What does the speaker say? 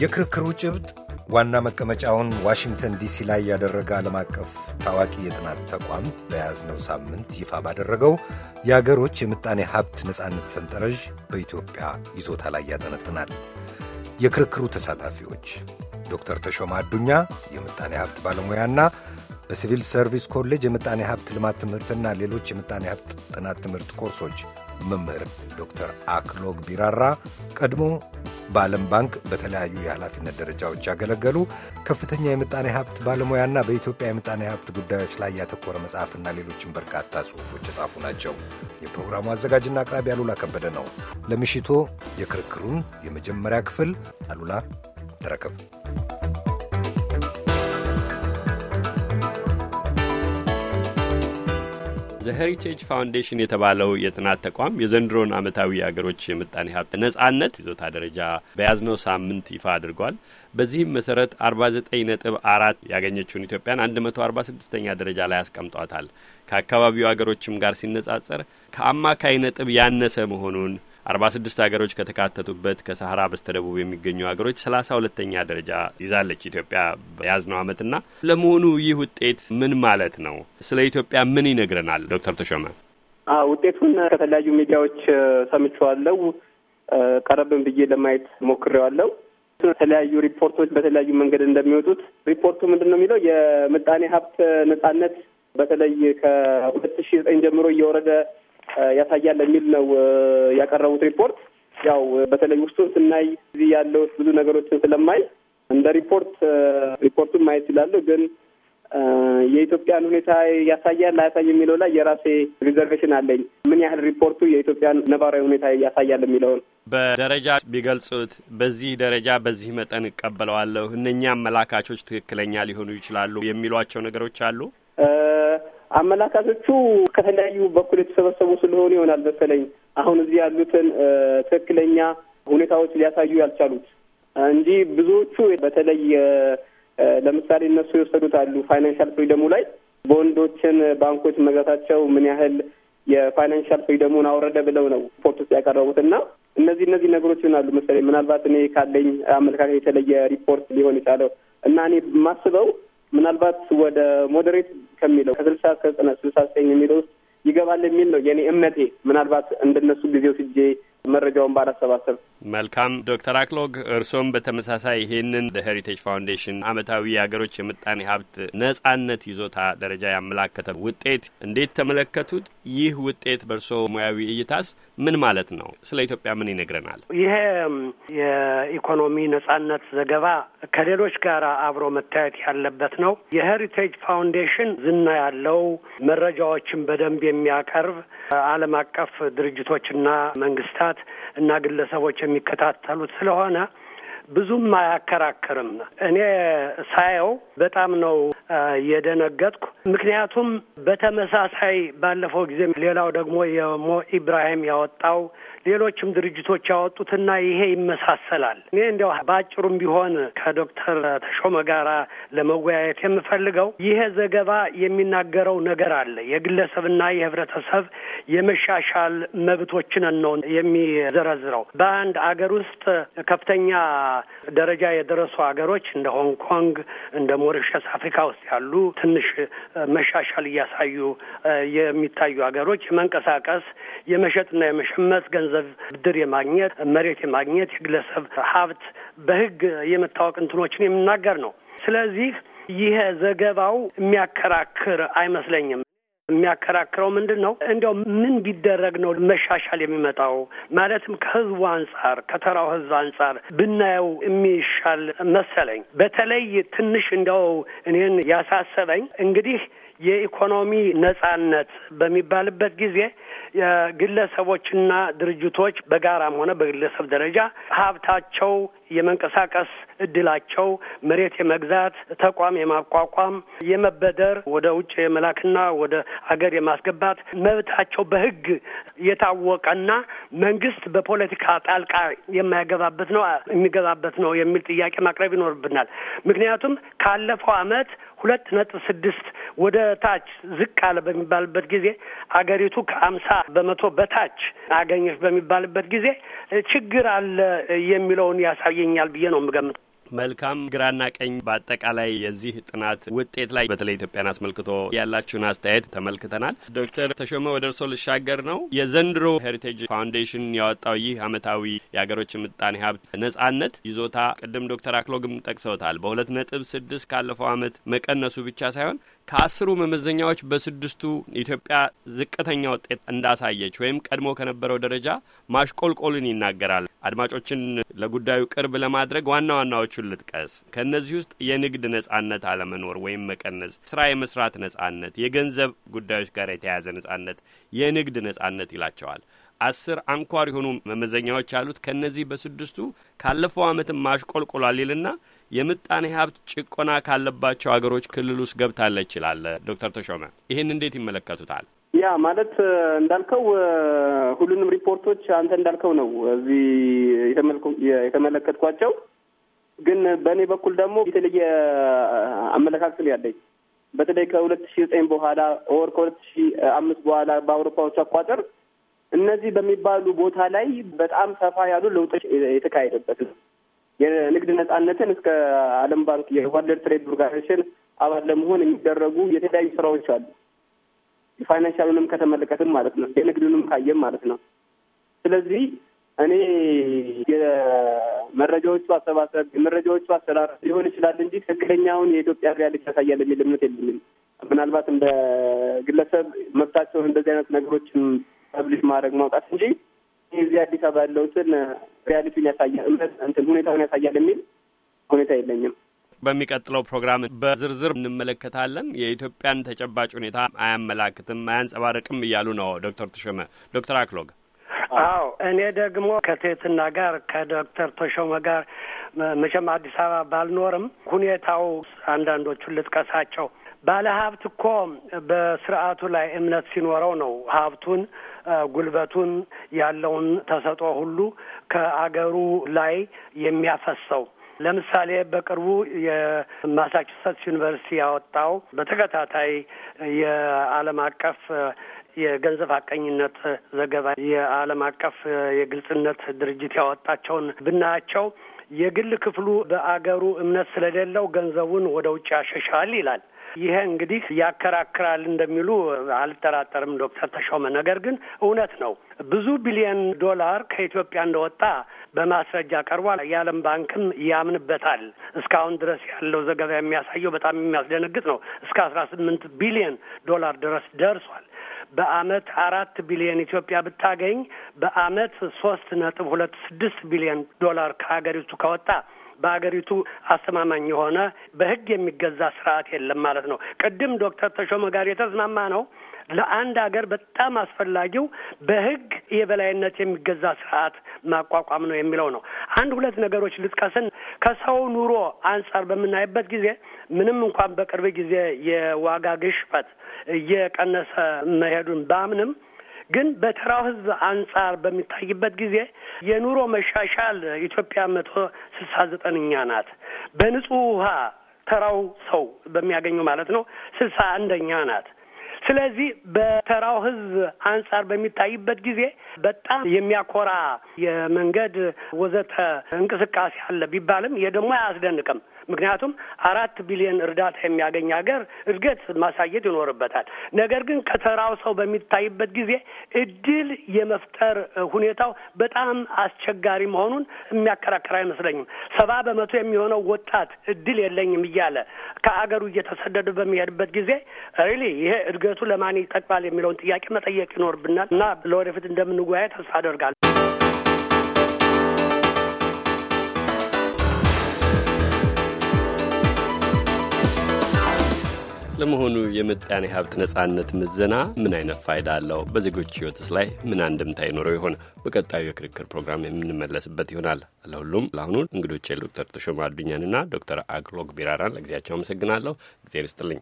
የክርክሩ ጭብጥ ዋና መቀመጫውን ዋሽንግተን ዲሲ ላይ ያደረገ ዓለም አቀፍ ታዋቂ የጥናት ተቋም በያዝነው ሳምንት ይፋ ባደረገው የአገሮች የምጣኔ ሀብት ነፃነት ሰንጠረዥ በኢትዮጵያ ይዞታ ላይ ያጠነጥናል። የክርክሩ ተሳታፊዎች ዶክተር ተሾማ አዱኛ የምጣኔ ሀብት ባለሙያና በሲቪል ሰርቪስ ኮሌጅ የምጣኔ ሀብት ልማት ትምህርትና ሌሎች የምጣኔ ሀብት ጥናት ትምህርት ኮርሶች መምህር ዶክተር አክሎግ ቢራራ ቀድሞ በዓለም ባንክ በተለያዩ የኃላፊነት ደረጃዎች ያገለገሉ ከፍተኛ የምጣኔ ሀብት ባለሙያና በኢትዮጵያ የምጣኔ ሀብት ጉዳዮች ላይ ያተኮረ መጽሐፍና ሌሎችን በርካታ ጽሑፎች የጻፉ ናቸው። የፕሮግራሙ አዘጋጅና አቅራቢ አሉላ ከበደ ነው። ለምሽቱ የክርክሩን የመጀመሪያ ክፍል አሉላ ተረከብ። ዘሄሪቴጅ ፋውንዴሽን የተባለው የጥናት ተቋም የዘንድሮን ዓመታዊ የአገሮች የምጣኔ ሀብት ነጻነት ይዞታ ደረጃ በያዝነው ሳምንት ይፋ አድርጓል። በዚህም መሰረት 49 ያገኘችውን ኢትዮጵያን 146ኛ ደረጃ ላይ አስቀምጧታል። ከአካባቢው አገሮችም ጋር ሲነጻጸር ከአማካይ ነጥብ ያነሰ መሆኑን አርባ ስድስት ሀገሮች ከተካተቱበት ከሰሀራ በስተደቡብ የሚገኙ ሀገሮች ሰላሳ ሁለተኛ ደረጃ ይዛለች ኢትዮጵያ በያዝነው ዓመትና ለመሆኑ ይህ ውጤት ምን ማለት ነው? ስለ ኢትዮጵያ ምን ይነግረናል? ዶክተር ተሾመ ውጤቱን ከተለያዩ ሚዲያዎች ሰምቼዋለሁ። ቀረብን ብዬ ለማየት ሞክሬዋለሁ። የተለያዩ ሪፖርቶች በተለያዩ መንገድ እንደሚወጡት ሪፖርቱ ምንድን ነው የሚለው የምጣኔ ሀብት ነጻነት በተለይ ከሁለት ሺ ዘጠኝ ጀምሮ እየወረደ ያሳያል የሚል ነው ያቀረቡት ሪፖርት። ያው በተለይ ውስጡን ስናይ እዚህ ያለው ብዙ ነገሮችን ስለማይ እንደ ሪፖርት ሪፖርቱን ማየት ይላሉ ግን የኢትዮጵያን ሁኔታ ያሳያል አያሳይ የሚለው ላይ የራሴ ሪዘርቬሽን አለኝ። ምን ያህል ሪፖርቱ የኢትዮጵያን ነባራዊ ሁኔታ ያሳያል የሚለውን በደረጃ ቢገልጹት በዚህ ደረጃ በዚህ መጠን እቀበለዋለሁ፣ እነኛ አመላካቾች ትክክለኛ ሊሆኑ ይችላሉ የሚሏቸው ነገሮች አሉ። አመላካቾቹ ከተለያዩ በኩል የተሰበሰቡ ስለሆኑ ይሆናል መሰለኝ አሁን እዚህ ያሉትን ትክክለኛ ሁኔታዎች ሊያሳዩ ያልቻሉት እንጂ ብዙዎቹ በተለይ ለምሳሌ እነሱ የወሰዱት አሉ ፋይናንሻል ፍሪደሙ ላይ በወንዶችን ባንኮች መግዛታቸው ምን ያህል የፋይናንሻል ፍሪደሙን አውረደ ብለው ነው ሪፖርት ውስጥ ያቀረቡት እና እነዚህ እነዚህ ነገሮች ይሆናሉ መሰለኝ ምናልባት እኔ ካለኝ አመለካከት የተለየ ሪፖርት ሊሆን የቻለው እና እኔ ማስበው? ምናልባት ወደ ሞዴሬት ከሚለው ከስልሳ ከጽነ ስልሳ ዘጠኝ የሚለው ውስጥ ይገባል የሚል ነው የኔ እምነቴ። ምናልባት እንደነሱ ጊዜው ስጄ መረጃውን ባላሰባሰብ መልካም ዶክተር አክሎግ እርሶም በተመሳሳይ ይህንን ለሄሪቴጅ ፋውንዴሽን አመታዊ የሀገሮች የምጣኔ ሀብት ነጻነት ይዞታ ደረጃ ያመላከተ ውጤት እንዴት ተመለከቱት? ይህ ውጤት በእርሶ ሙያዊ እይታስ ምን ማለት ነው? ስለ ኢትዮጵያ ምን ይነግረናል? ይሄ የኢኮኖሚ ነጻነት ዘገባ ከሌሎች ጋር አብሮ መታየት ያለበት ነው። የሄሪቴጅ ፋውንዴሽን ዝና ያለው መረጃዎችን በደንብ የሚያቀርብ ዓለም አቀፍ ድርጅቶችና መንግስታት እና ግለሰቦች የሚከታተሉት ስለሆነ ብዙም አያከራክርም። እኔ ሳየው በጣም ነው የደነገጥኩ። ምክንያቱም በተመሳሳይ ባለፈው ጊዜ ሌላው ደግሞ የሞ ኢብራሂም ያወጣው ሌሎችም ድርጅቶች ያወጡትና ይሄ ይመሳሰላል። እኔ እንዲያው በአጭሩም ቢሆን ከዶክተር ተሾመ ጋር ለመወያየት የምፈልገው ይሄ ዘገባ የሚናገረው ነገር አለ። የግለሰብና የህብረተሰብ የመሻሻል መብቶችን ነው የሚዘረዝረው። በአንድ አገር ውስጥ ከፍተኛ ደረጃ የደረሱ አገሮች እንደ ሆንግ ኮንግ፣ እንደ ሞሪሸስ አፍሪካ ውስጥ ያሉ ትንሽ መሻሻል እያሳዩ የሚታዩ ሀገሮች የመንቀሳቀስ የመሸጥና የመሸመት ገንዘብ ብድር የማግኘት መሬት የማግኘት የግለሰብ ሀብት በህግ የመታወቅ እንትኖችን የሚናገር ነው። ስለዚህ ይሄ ዘገባው የሚያከራክር አይመስለኝም። የሚያከራክረው ምንድን ነው? እንዲያው ምን ቢደረግ ነው መሻሻል የሚመጣው? ማለትም ከህዝቡ አንጻር ከተራው ህዝብ አንጻር ብናየው የሚሻል መሰለኝ። በተለይ ትንሽ እንዲያው እኔን ያሳሰበኝ እንግዲህ የኢኮኖሚ ነጻነት በሚባልበት ጊዜ ግለሰቦችና ድርጅቶች በጋራም ሆነ በግለሰብ ደረጃ ሀብታቸው የመንቀሳቀስ እድላቸው መሬት የመግዛት ተቋም የማቋቋም የመበደር ወደ ውጭ የመላክና ወደ አገር የማስገባት መብታቸው በሕግ የታወቀና መንግስት በፖለቲካ ጣልቃ የማይገባበት ነው የሚገባበት ነው የሚል ጥያቄ ማቅረብ ይኖርብናል። ምክንያቱም ካለፈው ዓመት ሁለት ነጥብ ስድስት ወደ ታች ዝቅ አለ በሚባልበት ጊዜ አገሪቱ ከአምሳ በመቶ በታች አገኘች በሚባልበት ጊዜ ችግር አለ የሚለውን ያሳየኛል ብዬ ነው የምገምተው። መልካም ግራና ቀኝ በአጠቃላይ የዚህ ጥናት ውጤት ላይ በተለይ ኢትዮጵያን አስመልክቶ ያላችሁን አስተያየት ተመልክተናል። ዶክተር ተሾመ ወደ እርሶ ልሻገር ነው። የዘንድሮ ሄሪቴጅ ፋውንዴሽን ያወጣው ይህ አመታዊ የሀገሮች ምጣኔ ሀብት ነጻነት ይዞታ ቅድም ዶክተር አክሎግም ጠቅሰውታል። በሁለት ነጥብ ስድስት ካለፈው አመት መቀነሱ ብቻ ሳይሆን ከአስሩ መመዘኛዎች በስድስቱ ኢትዮጵያ ዝቅተኛ ውጤት እንዳሳየች ወይም ቀድሞ ከነበረው ደረጃ ማሽቆልቆልን ይናገራል። አድማጮችን ለጉዳዩ ቅርብ ለማድረግ ዋና ዋናዎቹን ልጥቀስ። ከእነዚህ ውስጥ የንግድ ነጻነት አለመኖር ወይም መቀነስ፣ ስራ የመስራት ነጻነት፣ የገንዘብ ጉዳዮች ጋር የተያያዘ ነጻነት፣ የንግድ ነጻነት ይላቸዋል። አስር አንኳር የሆኑ መመዘኛዎች አሉት። ከእነዚህ በስድስቱ ካለፈው ዓመትም ማሽቆልቆሏል ይልና የምጣኔ ሀብት ጭቆና ካለባቸው አገሮች ክልል ውስጥ ገብታለች ይላል ዶክተር ተሾመ። ይህን እንዴት ይመለከቱታል? ያ ማለት እንዳልከው ሁሉንም ሪፖርቶች አንተ እንዳልከው ነው እዚህ የተመለከትኳቸው። ግን በእኔ በኩል ደግሞ የተለየ አመለካከት ነው ያለኝ በተለይ ከሁለት ሺ ዘጠኝ በኋላ ኦር ከሁለት ሺ አምስት በኋላ በአውሮፓዎቹ አቋጠር እነዚህ በሚባሉ ቦታ ላይ በጣም ሰፋ ያሉ ለውጦች የተካሄደበት ነው። የንግድ ነጻነትን እስከ ዓለም ባንክ የወርልድ ትሬድ ኦርጋኒዜሽን አባል ለመሆን የሚደረጉ የተለያዩ ስራዎች አሉ። የፋይናንሻሉንም ከተመለከትም ማለት ነው፣ የንግዱንም ካየም ማለት ነው። ስለዚህ እኔ የመረጃዎቹ አሰባሰብ የመረጃዎቹ አሰራር ሊሆን ይችላል እንጂ ትክክለኛውን የኢትዮጵያ ሪያሊቲ ያሳያል የሚል እምነት የለኝም። ምናልባት እንደ ግለሰብ መብታቸውን እንደዚህ አይነት ነገሮችም ፐብሊክ ማድረግ ማውጣት እንጂ እዚህ አዲስ አበባ ያለውትን ሪያሊቲን ያሳያል እንትን ሁኔታውን ያሳያል የሚል ሁኔታ የለኝም። በሚቀጥለው ፕሮግራም በዝርዝር እንመለከታለን። የኢትዮጵያን ተጨባጭ ሁኔታ አያመላክትም፣ አያንጸባርቅም እያሉ ነው ዶክተር ተሾመ። ዶክተር አክሎግ አዎ፣ እኔ ደግሞ ከትህትና ጋር ከዶክተር ተሾመ ጋር መቼም አዲስ አበባ ባልኖርም ሁኔታው አንዳንዶቹን ልጥቀሳቸው ባለ ሀብት እኮ በስርዓቱ ላይ እምነት ሲኖረው ነው ሀብቱን ጉልበቱን ያለውን ተሰጦ ሁሉ ከአገሩ ላይ የሚያፈሰው። ለምሳሌ በቅርቡ የማሳቹሴትስ ዩኒቨርሲቲ ያወጣው በተከታታይ የዓለም አቀፍ የገንዘብ ሀቀኝነት ዘገባ የዓለም አቀፍ የግልጽነት ድርጅት ያወጣቸውን ብናያቸው የግል ክፍሉ በአገሩ እምነት ስለሌለው ገንዘቡን ወደ ውጭ ያሸሻል ይላል። ይሄ እንግዲህ ያከራክራል እንደሚሉ አልጠራጠርም ዶክተር ተሾመ። ነገር ግን እውነት ነው ብዙ ቢሊዮን ዶላር ከኢትዮጵያ እንደወጣ በማስረጃ ቀርቧል። የዓለም ባንክም ያምንበታል። እስካሁን ድረስ ያለው ዘገባ የሚያሳየው በጣም የሚያስደነግጥ ነው። እስከ አስራ ስምንት ቢሊዮን ዶላር ድረስ ደርሷል። በአመት አራት ቢሊዮን ኢትዮጵያ ብታገኝ በአመት ሶስት ነጥብ ሁለት ስድስት ቢሊዮን ዶላር ከሀገሪቱ ከወጣ በሀገሪቱ አስተማማኝ የሆነ በህግ የሚገዛ ስርዓት የለም ማለት ነው። ቅድም ዶክተር ተሾመ ጋር የተስማማ ነው። ለአንድ ሀገር በጣም አስፈላጊው በህግ የበላይነት የሚገዛ ስርዓት ማቋቋም ነው የሚለው ነው። አንድ ሁለት ነገሮች ልጥቀስን። ከሰው ኑሮ አንጻር በምናይበት ጊዜ ምንም እንኳን በቅርብ ጊዜ የዋጋ ግሽበት እየቀነሰ መሄዱን ባምንም ግን በተራው ህዝብ አንጻር በሚታይበት ጊዜ የኑሮ መሻሻል ኢትዮጵያ መቶ ስልሳ ዘጠነኛ ናት። በንጹህ ውሃ ተራው ሰው በሚያገኘው ማለት ነው ስልሳ አንደኛ ናት። ስለዚህ በተራው ህዝብ አንጻር በሚታይበት ጊዜ በጣም የሚያኮራ የመንገድ ወዘተ እንቅስቃሴ አለ ቢባልም ይህ ደግሞ አያስደንቅም። ምክንያቱም አራት ቢሊዮን እርዳታ የሚያገኝ ሀገር እድገት ማሳየት ይኖርበታል። ነገር ግን ከተራው ሰው በሚታይበት ጊዜ እድል የመፍጠር ሁኔታው በጣም አስቸጋሪ መሆኑን የሚያከራከር አይመስለኝም። ሰባ በመቶ የሚሆነው ወጣት እድል የለኝም እያለ ከአገሩ እየተሰደደ በሚሄድበት ጊዜ ሪሊ ይሄ እድገቱ ለማን ይጠቅማል የሚለውን ጥያቄ መጠየቅ ይኖርብናል እና ለወደፊት እንደምንጓያ ተስፋ አደርጋለሁ። ለመሆኑ የምጣኔ ሀብት ነጻነት ምዘና ምን አይነት ፋይዳ አለው? በዜጎች ህይወትስ ላይ ምን አንድምታ ይኖረው ይሆን? በቀጣዩ የክርክር ፕሮግራም የምንመለስበት ይሆናል። ለሁሉም ለአሁኑ እንግዶቼ ዶክተር ተሾማ አዱኛንና ዶክተር አግሎግ ቢራራን ለጊዜያቸው አመሰግናለሁ። እግዜር ይስጥልኝ።